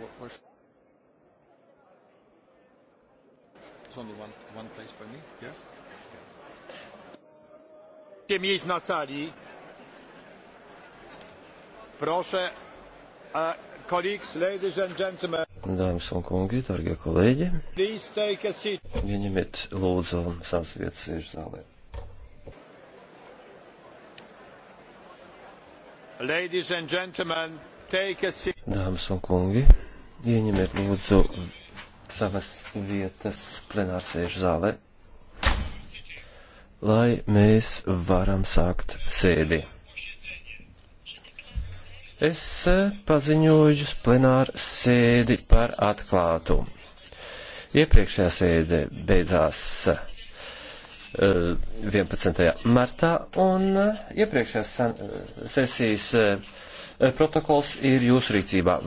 Where, There's only one, one place for me. Yes? Yeah. miejsc na sali. Proszę, uh, colleagues, ladies and gentlemen. Dāmas un kungi, darbie kolēģi, ieņemiet lūdzu savas vietas sēžu zālē. Dāmas un kungi, Ieņemiet lūdzu savas vietas plenārsēžu zālē, lai mēs varam sākt sēdi. Es paziņoju plenāru sēdi par atklātu. Iepriekšējā sēde beidzās 11. Eh, martā, un iepriekšējās eh, sesijas eh, protokols ir jūsu rīcībā.